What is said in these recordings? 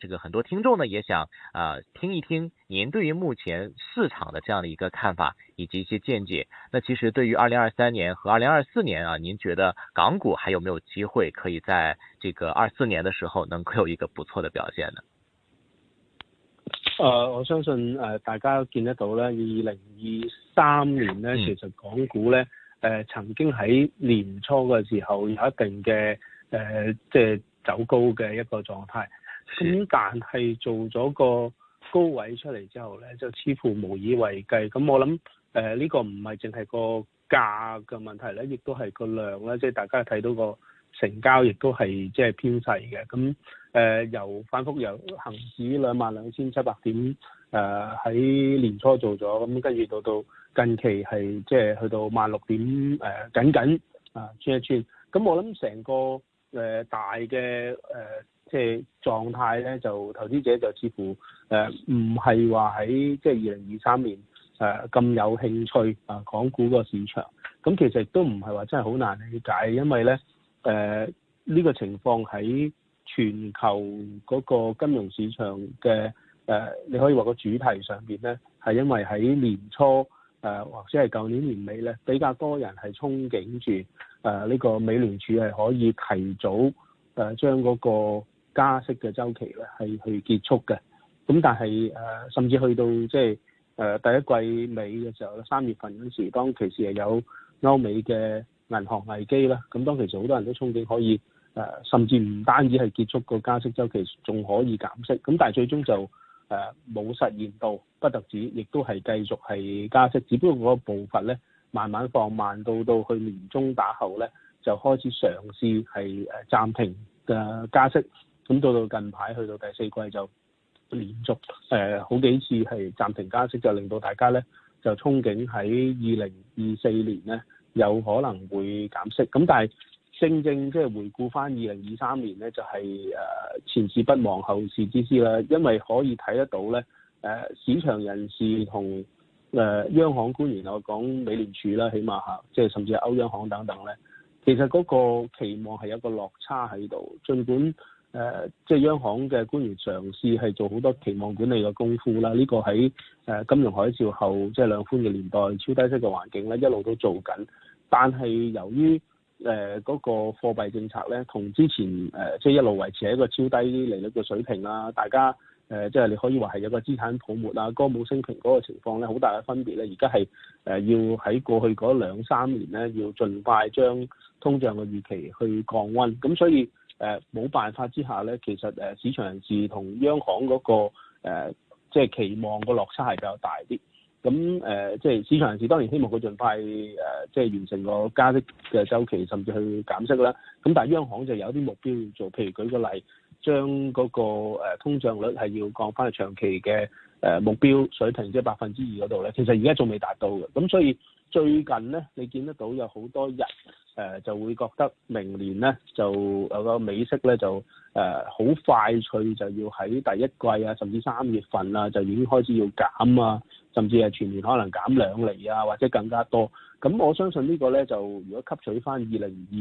這個很多聽眾呢也想啊聽一聽您對於目前市場的這樣的一個看法以及一些見解。那其實對於二零二三年和二零二四年啊，您覺得港股還有沒有機會可以在這個二四年的時候能夠有一個不錯的表現呢？呃，我相信呃大家都見得到咧，二零二三年呢，其實港股呢、呃、曾經喺年初嘅時候有一定嘅、呃、即係走高嘅一個狀態。咁但係做咗個高位出嚟之後咧，就似乎無以為繼。咁我諗呢、呃這個唔係淨係個價嘅問題咧，亦都係個量咧，即係大家睇到個成交亦都係即係偏細嘅。咁、呃、由反覆由恒指兩萬兩千七百點喺、呃、年初做咗，咁跟住到到近期係即係去到萬六點誒僅僅啊轉一轉。咁我諗成個、呃、大嘅即係狀態咧，就投資者就似乎誒唔係話喺即係二零二三年誒咁有興趣啊，港股個市場咁其實都唔係話真係好難理解，因為咧誒呢、呃呢個情況喺全球嗰個金融市場嘅誒、呃，你可以話個主題上邊咧，係因為喺年初誒、呃、或者係舊年年尾咧，比較多人係憧憬住誒呢個美聯儲係可以提早誒將嗰個加息嘅周期咧，係去結束嘅。咁但係，誒、啊，甚至去到即係誒第一季尾嘅時候啦，三月份嗰時候，當其時係有歐美嘅銀行危機啦。咁當其時好多人都憧憬可以誒、啊，甚至唔單止係結束個加息周期，仲可以減息。咁但係最終就誒冇、啊、實現到，不特止，亦都係繼續係加息，只不過嗰個步伐咧，慢慢放慢，到到去年中打後咧就開始嘗試係誒暫停嘅加息。咁到到近排去到第四季就連續誒、呃、好幾次係暫停加息，就令到大家咧就憧憬喺二零二四年咧有可能會減息。咁但係正正即係、就是、回顧翻二零二三年咧，就係、是、誒、呃、前事不忘後事之師啦，因為可以睇得到咧誒、呃、市場人士同誒、呃、央行官員，我講美聯儲啦，起碼嚇即係甚至歐央行等等咧。其實嗰個期望係有個落差喺度，儘管誒即係央行嘅官員嘗試係做好多期望管理嘅功夫啦，呢、這個喺誒、呃、金融海嘯後即係、就是、兩寬嘅年代超低息嘅環境咧一路都做緊，但係由於誒嗰、呃那個貨幣政策咧同之前誒即係一路維持喺一個超低利率嘅水平啦，大家。誒、呃，即係你可以話係有個資產泡沫啦、啊、歌舞升平嗰個情況咧，好大嘅分別咧。而家係誒要喺過去嗰兩三年咧，要盡快將通脹嘅預期去降溫。咁所以誒冇、呃、辦法之下咧，其實誒、呃、市場人士同央行嗰、那個、呃、即係期望個落差係比較大啲。咁誒、呃、即係市場人士當然希望佢盡快誒、呃、即係完成個加息嘅週期，甚至去減息啦。咁但係央行就有啲目標要做，譬如舉個例。將嗰、那個、呃、通脹率係要降翻去長期嘅誒、呃、目標水平，即係百分之二嗰度咧。其實而家仲未達到嘅，咁所以最近咧，你見得到有好多人誒、呃、就會覺得明年咧就有個、呃、美息咧就誒好、呃、快脆就要喺第一季啊，甚至三月份啊，就已經開始要減啊，甚至係全年可能減兩厘啊、嗯，或者更加多。咁我相信這個呢個咧就如果吸取翻二零二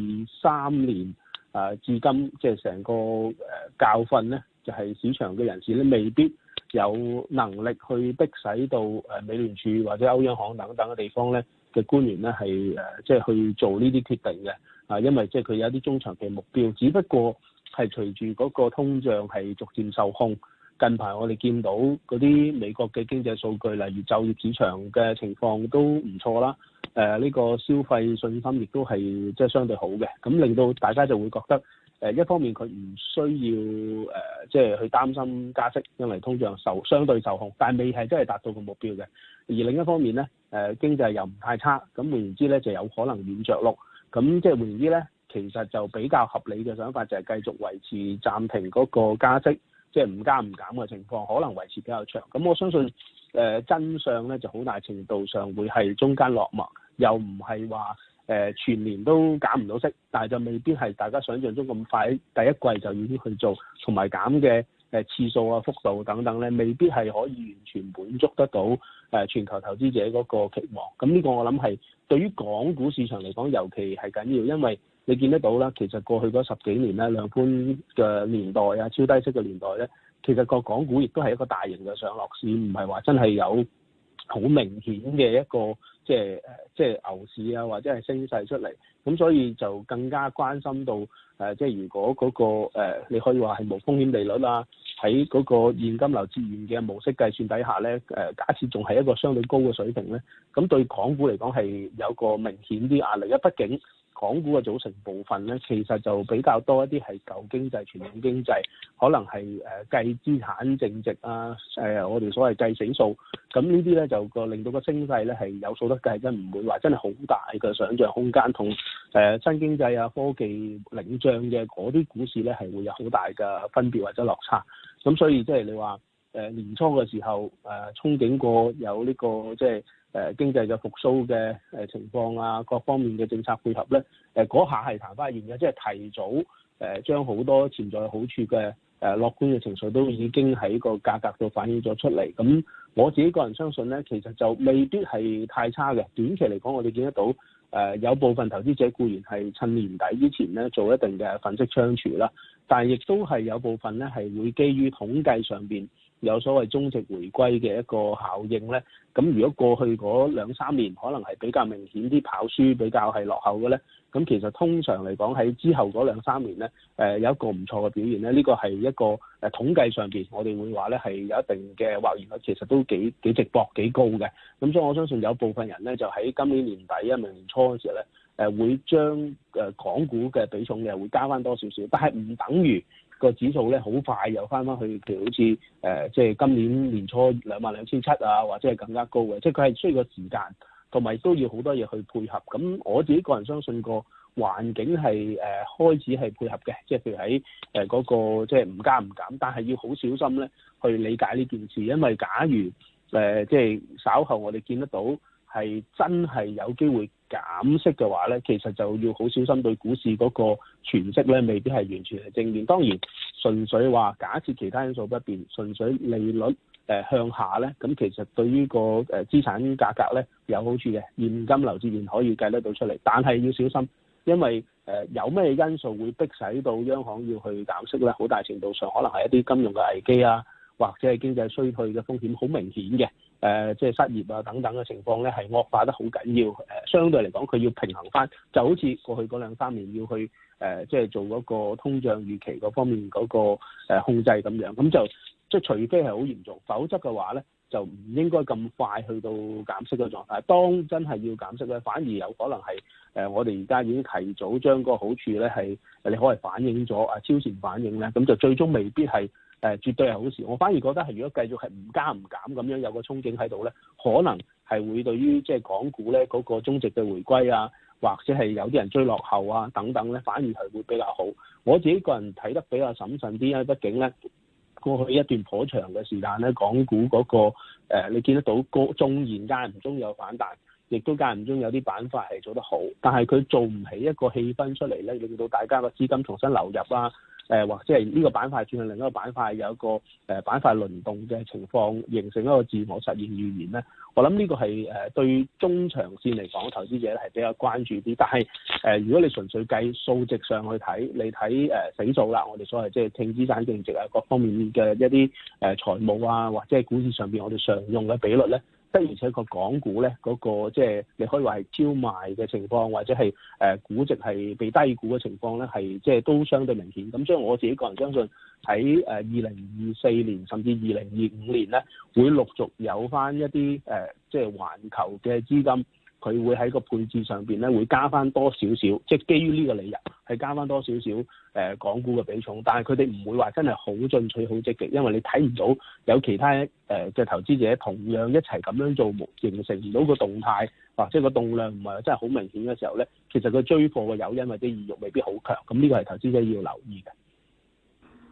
三年。啊，至今即係成個誒教訓咧，就係市場嘅人士咧，未必有能力去逼使到誒美聯儲或者歐央行等等嘅地方咧嘅官員咧係誒即係去做呢啲決定嘅啊，因為即係佢有一啲中長期目標，只不過係隨住嗰個通脹係逐漸受控。近排我哋見到嗰啲美國嘅經濟數據，例如就業市場嘅情況都唔錯啦。誒、呃、呢、這個消費信心亦都係即係相對好嘅，咁令到大家就會覺得誒、呃、一方面佢唔需要誒即係去擔心加息，因為通脹受相對受控，但係未係真係達到個目標嘅。而另一方面呢誒、呃、經濟又唔太差，咁換言之呢就有可能軟着陸。咁即係換言之呢其實就比較合理嘅想法就係繼續維持暫停嗰個加息，即係唔加唔減嘅情況，可能維持比較長。咁我相信誒、呃、真相呢就好大程度上會係中間落墨。又唔係話誒全年都減唔到息，但係就未必係大家想像中咁快，第一季就要去做同埋減嘅誒、呃、次數啊、幅度等等咧，未必係可以完全滿足得到誒、呃、全球投資者嗰個期望。咁呢個我諗係對於港股市場嚟講尤其係緊要，因為你見得到啦，其實過去嗰十幾年咧，量寬嘅年代啊、超低息嘅年代咧，其實個港股亦都係一個大型嘅上落市，唔係話真係有好明顯嘅一個。即係誒，即係牛市啊，或者係升勢出嚟，咁所以就更加關心到誒、呃，即係如果嗰、那個、呃、你可以話係無風險利率啊，喺嗰個現金流折現嘅模式計算底下咧，誒、呃，假設仲係一個相對高嘅水平咧，咁對港股嚟講係有個明顯啲壓力啊，畢竟。港股嘅組成部分咧，其實就比較多一啲係舊經濟、傳統經濟，可能係誒、呃、計資產淨值啊，誒、呃、我哋所謂計死數，咁呢啲咧就個令到個經濟咧係有數得計，真唔會話真係好大嘅想象空間，同誒、呃、新經濟啊、科技領漲嘅嗰啲股市咧係會有好大嘅分別或者落差。咁所以即係你話誒、呃、年初嘅時候誒憧憬過有呢、這個即係。就是誒經濟嘅復甦嘅誒情況啊，各方面嘅政策配合咧，誒嗰下係談翻完嘅，即係提早誒將好多潛在好處嘅誒樂觀嘅情緒都已經喺個價格度反映咗出嚟。咁我自己個人相信咧，其實就未必係太差嘅。短期嚟講，我哋見得到誒有部分投資者固然係趁年底之前咧做一定嘅粉飾相處啦，但係亦都係有部分咧係會基於統計上邊。有所謂終值回歸嘅一個效應呢。咁如果過去嗰兩三年可能係比較明顯啲跑輸比較係落後嘅呢。咁其實通常嚟講喺之後嗰兩三年呢，誒、呃、有一個唔錯嘅表現呢，呢個係一個誒統計上邊我哋會話呢，係有一定嘅或然率，其實都幾幾直博幾高嘅，咁所以我相信有部分人呢，就喺今年年底啊、明年初嘅時候呢。誒會將誒港股嘅比重又會加翻多少少，但係唔等於個指數咧，好快又翻翻去譬如好似誒即係今年年初兩萬兩千七啊，或者係更加高嘅，即係佢係需要個時間同埋都要好多嘢去配合。咁我自己個人相信個環境係誒開始係配合嘅，即係譬如喺誒嗰個即係唔加唔減，但係要好小心咧，去理解呢件事，因為假如誒即係稍後我哋見得到。係真係有機會減息嘅話呢，其實就要好小心對股市嗰個詮釋呢，未必係完全係正面。當然，純粹話假設其他因素不變，純粹利率、呃、向下呢，咁其實對於、這個誒、呃、資產價格呢有好處嘅，現金流自然可以計得到出嚟。但係要小心，因為誒、呃、有咩因素會迫使到央行要去減息呢？好大程度上可能係一啲金融嘅危機啊！或者係經濟衰退嘅風險，好明顯嘅，誒，即係失業啊等等嘅情況咧，係惡化得好緊要，誒，相對嚟講佢要平衡翻，就好似過去嗰兩三年要去誒，即係做嗰個通脹預期嗰方面嗰個誒控制咁樣，咁就即係除非係好嚴重，否則嘅話咧，就唔應該咁快去到減息嘅狀態。當真係要減息咧，反而有可能係誒，我哋而家已經提早將嗰個好處咧係，你可以反映咗啊超前反應咧，咁就最終未必係。誒絕對係好事，我反而覺得係如果繼續係唔加唔減咁樣有個憧憬喺度呢，可能係會對於即係港股呢嗰個中值嘅回歸啊，或者係有啲人追落後啊等等呢，反而係會比較好。我自己個人睇得比較審慎啲啊，畢竟呢過去一段頗長嘅時間呢，港股嗰個、呃、你見得到個縱然間唔中有反彈，亦都間唔中有啲板塊係做得好，但係佢做唔起一個氣氛出嚟呢，令到大家個資金重新流入啊。誒或者係呢個板塊轉向另一個板塊，有一個誒板塊輪動嘅情況，形成一個自我實現預言咧。我諗呢個係誒對中長線嚟講，投資者咧係比較關注啲。但係誒，如果你純粹計數值上去睇，你睇誒死數啦，我哋所謂即係淨資產淨值啊，各方面嘅一啲誒財務啊，或者係股市上面，我哋常用嘅比率咧。跟住，而且個港股咧，嗰、那個即係你可以話係超賣嘅情況，或者係誒估值係被低估嘅情況咧，係即係都相對明顯。咁所以我自己個人相信喺誒二零二四年甚至二零二五年咧，會陸續有翻一啲誒，即係環球嘅資金，佢會喺個配置上邊咧，會加翻多少少，即、就、係、是、基於呢個理由。係加翻多少少港股嘅比重，但係佢哋唔會話真係好進取、好積極，因為你睇唔到有其他嘅、呃、投資者同樣一齊咁樣做，冇形成到個動態，即、啊、係、就是、個動量唔係真係好明顯嘅時候咧，其實佢追貨嘅有因或者意欲未必好強，咁呢個係投資者要留意嘅。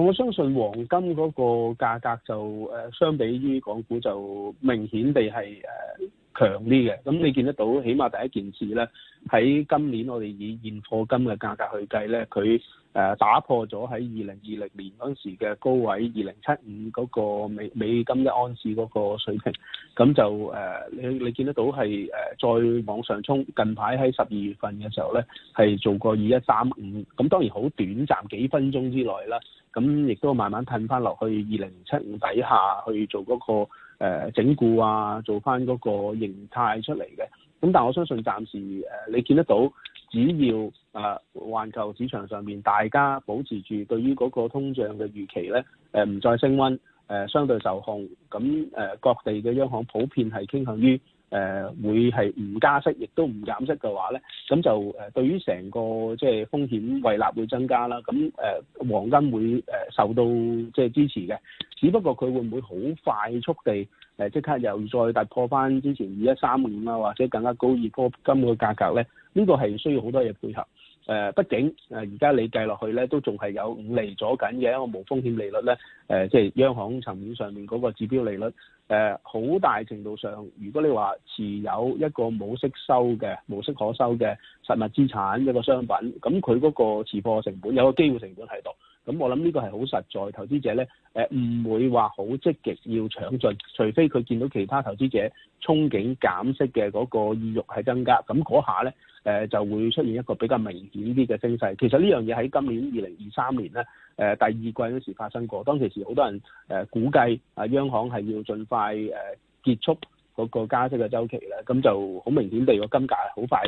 我相信黃金嗰個價格就誒，相比於港股就明顯地係誒強啲嘅。咁你見得到，起碼第一件事呢，喺今年我哋以現貨金嘅價格去計呢，佢誒打破咗喺二零二零年嗰陣時嘅高位二零七五嗰個美美金一盎司嗰個水平。咁就誒，你你見得到係誒再往上衝。近排喺十二月份嘅時候呢，係做過二一三五。咁當然好短暫，幾分鐘之內啦。咁亦都慢慢褪翻落去二零七五底下去做嗰個整固啊，做翻嗰個形態出嚟嘅。咁但我相信暫時你見得到，只要啊環球市場上面大家保持住對於嗰個通脹嘅預期咧，誒唔再升溫，相對受控，咁各地嘅央行普遍係傾向於。誒、呃、會係唔加息，亦都唔減息嘅話咧，咁就誒對於成個即係、就是、風險胃納會增加啦。咁誒、呃、黃金會、呃、受到即、就是、支持嘅，只不過佢會唔會好快速地即、呃、刻又再突破返之前二一三五啊，或者更加高二波金嘅價格咧？呢、這個係需要好多嘢配合。誒，畢竟誒，而家你計落去咧，都仲係有五釐左緊嘅一個無風險利率咧。誒，即係央行層面上面嗰個指標利率。誒，好大程度上，如果你話持有一個冇息收嘅、無息可收嘅實物資產一個商品，咁佢嗰個持貨成本有個機會成本喺度。咁我諗呢個係好實在，投資者咧誒，唔會話好積極要搶進，除非佢見到其他投資者憧憬減息嘅嗰個意欲係增加。咁嗰下咧。誒就會出現一個比較明顯啲嘅升勢。其實呢樣嘢喺今年二零二三年咧，誒第二季嗰時發生過。當其時好多人誒估計啊，央行係要盡快誒結束嗰個加息嘅周期啦。咁就好明顯地，如果金價係好快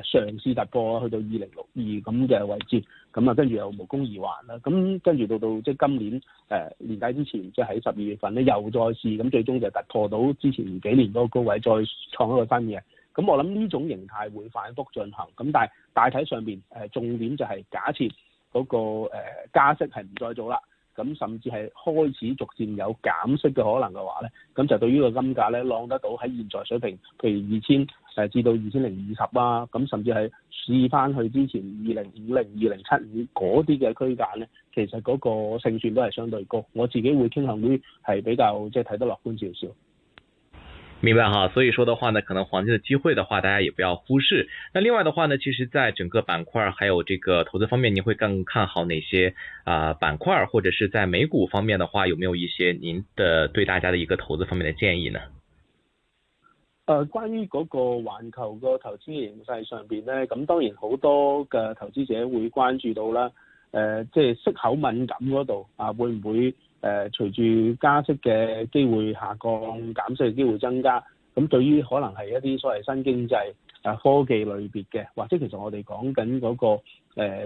誒嘗試突破去到二零六二咁嘅位置，咁啊跟住又無功而還啦。咁跟住到到即今年誒年底之前，即係喺十二月份咧又再試，咁最終就突破到之前幾年嗰個高位，再創一個新嘅。咁我諗呢種形態會反覆進行，咁但係大體上面重點就係假設嗰個加息係唔再做啦，咁甚至係開始逐漸有減息嘅可能嘅話咧，咁就對於嗰個金價咧浪得到喺現在水平，譬如二千誒至到二千零二十啊，咁甚至係試翻去之前二零五零、二零七五嗰啲嘅區間咧，其實嗰個勝算都係相對高，我自己會傾向於係比較即係睇得樂觀少少。明白哈，所以說的話呢，可能黃金的機會的話，大家也不要忽視。那另外的話呢，其實在整個板塊還有這個投資方面，您會更看好哪些啊板塊？或者是在美股方面的話，有沒有一些您的對大家的一個投資方面的建議呢？呃，關於嗰個環球個投資形勢上邊呢，咁當然好多嘅投資者會關注到啦。誒，即係息口敏感嗰度啊，會唔會誒隨住加息嘅機會下降，減息嘅機會增加？咁對於可能係一啲所謂新經濟啊科技類別嘅，或者其實我哋講緊嗰個誒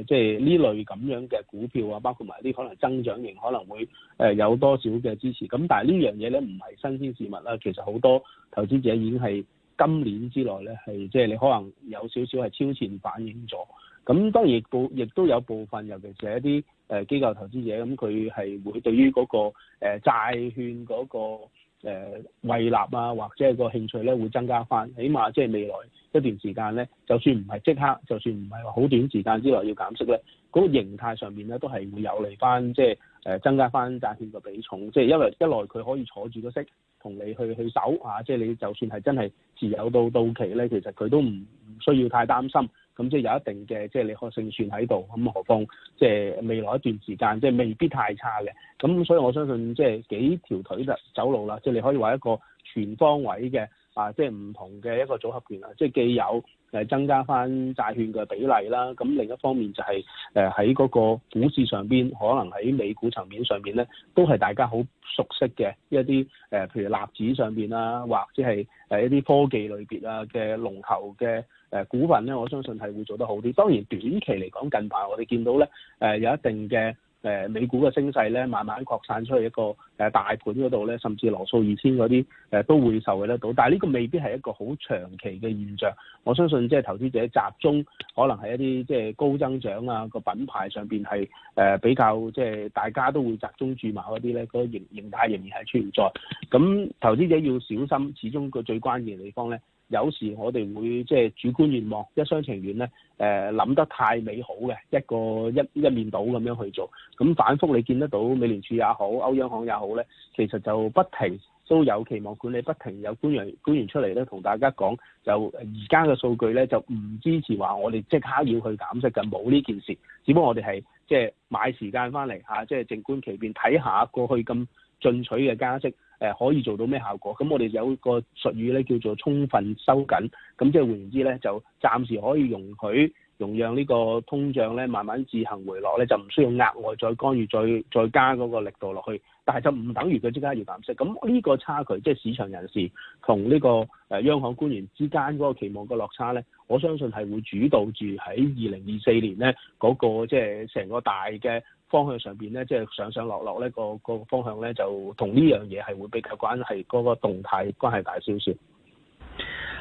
即係呢類咁樣嘅股票啊，包括埋啲可能增長型可能會誒有多少嘅支持？咁但係呢樣嘢咧，唔係新鮮事物啦。其實好多投資者已經係今年之內咧，係即係你可能有少少係超前反應咗。咁當然部亦都有部分，尤其是一啲誒機構投資者，咁佢係會對於嗰個誒債券嗰個誒胃納啊，或者個興趣咧，會增加翻。起碼即係未來一段時間咧，就算唔係即刻，就算唔係話好短時間之內要減息咧，嗰、那個形態上面咧，都係會有利翻，即係誒增加翻債券個比重。即、就、係、是、因為一來，佢可以坐住個息，同你去去守啊。即、就、係、是、你就算係真係持有到到期咧，其實佢都唔唔需要太擔心。咁即係有一定嘅，即係你可勝算喺度。咁何況，即係未來一段時間，即係未必太差嘅。咁所以我相信，即係幾條腿就走路啦。即係你可以話一個全方位嘅，啊，即係唔同嘅一個組合拳啊。即係既有增加翻債券嘅比例啦，咁另一方面就係喺嗰個股市上邊，可能喺美股層面上面咧，都係大家好熟悉嘅一啲，譬如納指上面啊，或者係一啲科技類別啊嘅龍頭嘅。誒股份咧，我相信係會做得好啲。當然短期嚟講，近排我哋見到咧，誒、呃、有一定嘅誒、呃、美股嘅升勢咧，慢慢擴散出去一個誒大盤嗰度咧，甚至羅素二千嗰啲誒都會受惠得到。但係呢個未必係一個好長期嘅現象。我相信即係投資者集中，可能係一啲即係高增長啊個品牌上邊係誒比較即係大家都會集中注碼嗰啲咧，個形形態仍然係存在。咁投資者要小心，始終個最關鍵嘅地方咧。有時我哋會即係主觀願望，一廂情願咧，誒諗得太美好嘅一個一一面倒咁樣去做。咁反覆你見得到，美聯儲也好，歐央行也好咧，其實就不停都有期望管理，不停有官員官員出嚟咧，同大家講就而家嘅數據咧就唔支持話我哋即刻要去減息嘅，冇呢件事。只不過我哋係即係買時間翻嚟嚇，即係靜觀其變，睇下過去咁進取嘅加息。呃、可以做到咩效果？咁我哋有個術語咧叫做充分收緊，咁即係換言之咧，就暫時可以容許容讓呢個通脹咧慢慢自行回落咧，就唔需要額外再干預、再再加嗰個力度落去。但係就唔等於佢即刻要減息。咁呢個差距，即係市場人士同呢個央行官員之間嗰個期望個落差咧，我相信係會主導住喺二零二四年咧嗰個即係成個大嘅。方向上邊咧，即、就、係、是、上上落落呢、那個、那個方向咧就同呢樣嘢係會比較關係嗰、那個動態關係大少少。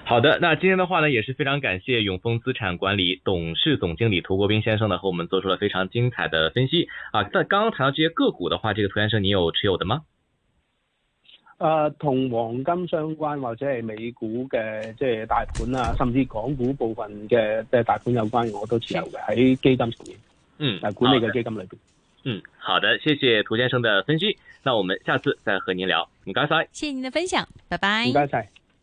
好的，那今天的話呢，也是非常感謝永豐資產管理董事總經理塗國彬先生呢，和我們做出了非常精彩的分析啊。但剛剛談到這些個股的話，這個塗先生你有持有的嗎？誒、啊，同黃金相關或者係美股嘅即係大盤啊，甚至港股部分嘅即係大盤有關，我都持有嘅喺基金上面，嗯，喺管理嘅基金裏邊。嗯嗯，好的，謝謝涂先生的分析。那我們下次再和您聊。唔該晒。謝謝您的分享，拜拜。唔該晒。